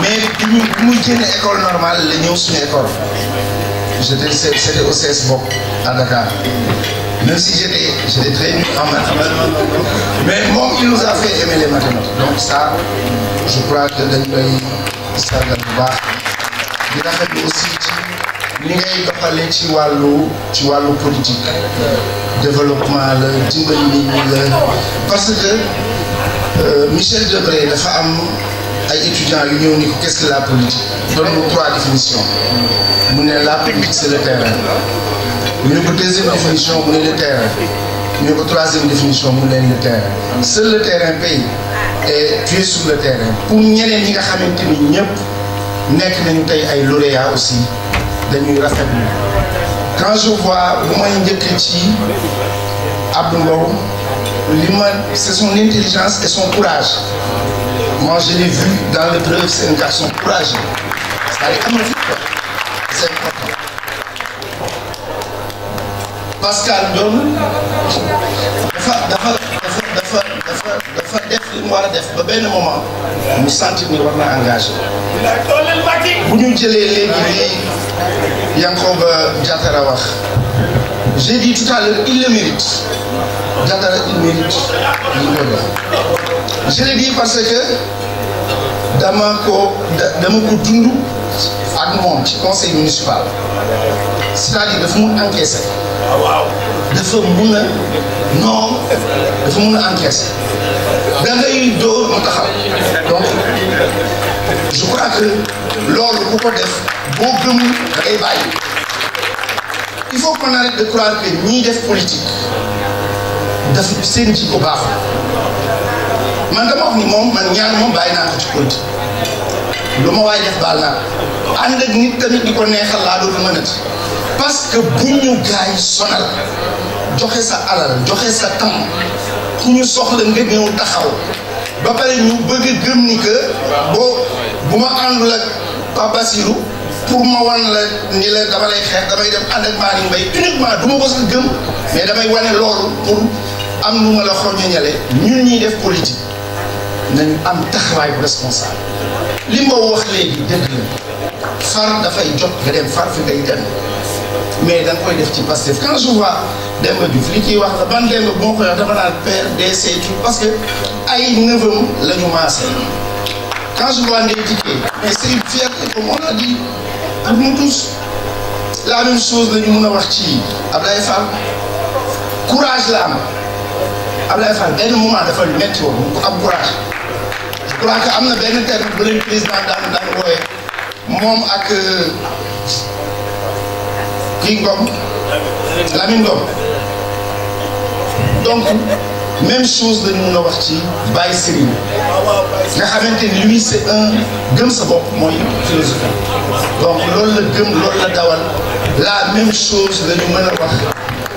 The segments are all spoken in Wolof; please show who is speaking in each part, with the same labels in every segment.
Speaker 1: mais nous, nous bi école normale la ñëw une école j'étais au CES Bopp à Dakar même si j'étais j'étais très nul en mathématiques. mais bon, il nous a fait aimer les mathématiques donc ça je crois que dañ koy sargal bu baax di rafetlu aussi ci ni ngay doxalee ci wàllu ci politique développement la dimbali parce que euh, Michel Debré le am étudiant étudiants qu'est-ce que la politique donne-nous trois définitions la politique c'est le terrain ñu deuxième définition c'est le terrain ñu troisième définition c'est le terrain C'est le terrain pays et tu es sur le terrain pour ñeneen les nga aussi quand je vois l'humain, c'est son intelligence et son courage. Moi, je l'ai vu dans l'épreuve, c'est un garçon courageux. C'est a moment nous sentir engagé j'ai dit tout à l'heure il le mérite dara inédit ñu je le dis parce que dama ko dama ko dund ak moom conseil municipal c'est-à-dire dafa mun encaissé dafa mun a non. dafa mun a encaissé da ngay dóor mu taxaw donc je crois que loolu ku ko def boo gëmul da il faut qu'on arrête de croire que ni def politique daf seen ji ko baaxul man dama wax ni moom man ñaan moom bàyyi naa ko ci politique lu ma waay def baal naa ànd ak nit tamit di ko neexal laa dootu mënati parce que bu ñu gaay sonal joxe sa alal joxe sa tam ku ñu soxla nga ñëw taxaw ba pare ñu bëgg a gëm ni que boo bu ma àndul ak Pape Basirou pour ma wan la ni la dama lay xeex damay dem ànd ak Malick Mbaye uniquement du ma ko sax gëm mais damay wane loolu pour am nu ma la xorñoñale ñun ñi def politique nañu am taxawaay bu responsable li ma wax léegi dëgg la far dafay jot nga dem far fi ngay dem mais da nga koy def ci Pastef quand je vois Demba Diouf li ciy wax la ban Demba boo koy wax dafa naan PRDC tout parce que ay neveu la ñu maase quand je vois Ndeye Tické mais c'est une fierté comme on a dit ak nous tous la même chose la ñu mun a wax ci Abdoulaye Fall courage la am Abdoulaye Fall benn moment dafa métti woon ko am courage je crois que am na benn terme bu leen moom ak euh, kii Ngom Lamine Ngom donc même chose lañ mun a wax ci Baye Serigne nga xamante ni lui c'est un gëm sa bopp mooy philosophie donc loolu la gëm loolu la dawal la même chose la ñu wax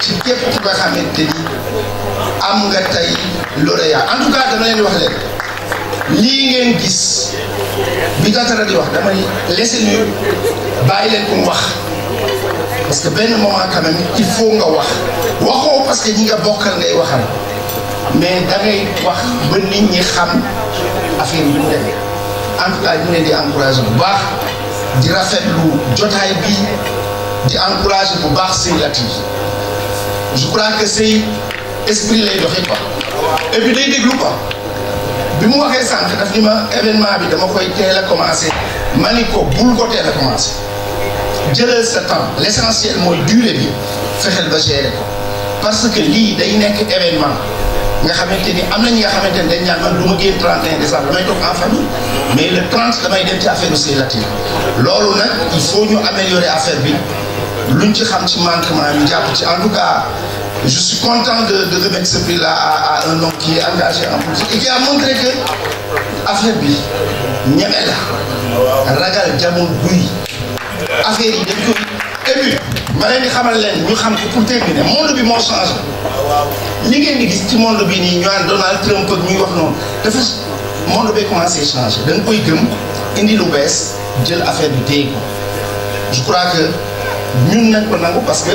Speaker 1: ci képp ku nga xamante ni am nga tey lauréat en tout cas dama leen wax leen lii ngeen gis bi Tounkara di wax damay laisser ñu bàyyi leen ko wax parce que benn moment quand il faut nga wax waxoo parce que ñi nga bokkal ngay waxal mais da wax ba nit ñi xam affaire bi mu demee bu baax di rafetlu jotaay bi di encouragé bu baax si latif je esprit lay doxé quoi et puis day déglu quoi bi mu waxé sànq daf ni ma événement bi dama koy teel commencer maniko ma ko bul ko teel a jëlal sa temps l'essentiel essentiel mooy durée bi fexel ba géré ko parce que li day nekk événement nga xamanteni amna ñi nga xamanteni dañ ñaan man du ma 31 décembre damay toog en famille mais le 30 damay dem ci affaire sëy latine lolu nak il faut ñu améliorer affaire bi luñ ci xam ci manquement ñu japp ci en tout cas je suis content de, de remettre ce prix-là à, à, un homme qui est engagé en politique et qui a montré que affaire bi ñeme ragal jamon buy affaire yi dañ ko ému ma leen di xamal leen ñu xam ko pour terminer monde bi moo changé li ngeen di gis ci monde bi nii ñu Donald Trump ak ñuy wax noonu dafa monde bi commencé à da Donc, koy gëm indi lu bees jël affaire du ko je crois que ñun nañ ko nangu parce que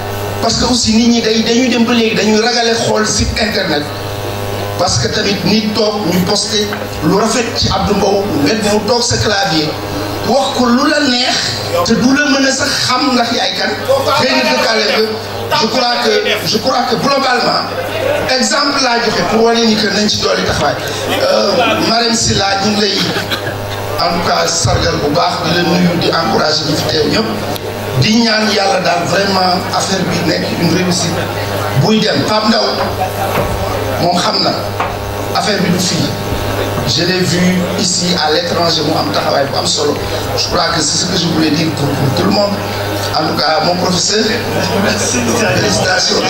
Speaker 1: parce que aussi nit ñi day dañuy dem ba léegi dañuy ragale xool site internet parce que tamit nit toog ñu posté lu rafet ci Abdou Mbow nga ñëw toog sa clavier wax ko lu la neex te du la mën a sax xam ndax yaay kan xëy na dëkkaale je crois que je crois que globalement exemple laa joxe pour wane ni que nañ ci doole taxawaay euh, Marème Sylla ñu ngi lay en tout cas sargal bu baax di la nuyu di encourager ñi fi teew ñëpp di ñaan yàlla daal vraiment affaire bi nekk une réussite buy dem Pape Ndaw moom xam affaire bi du je l'ai vu ici à l'étranger mu am taxawaay bu am solo je crois que c'est ce que je voulais dire pour tout le monde en tout cas mon professeur félicitations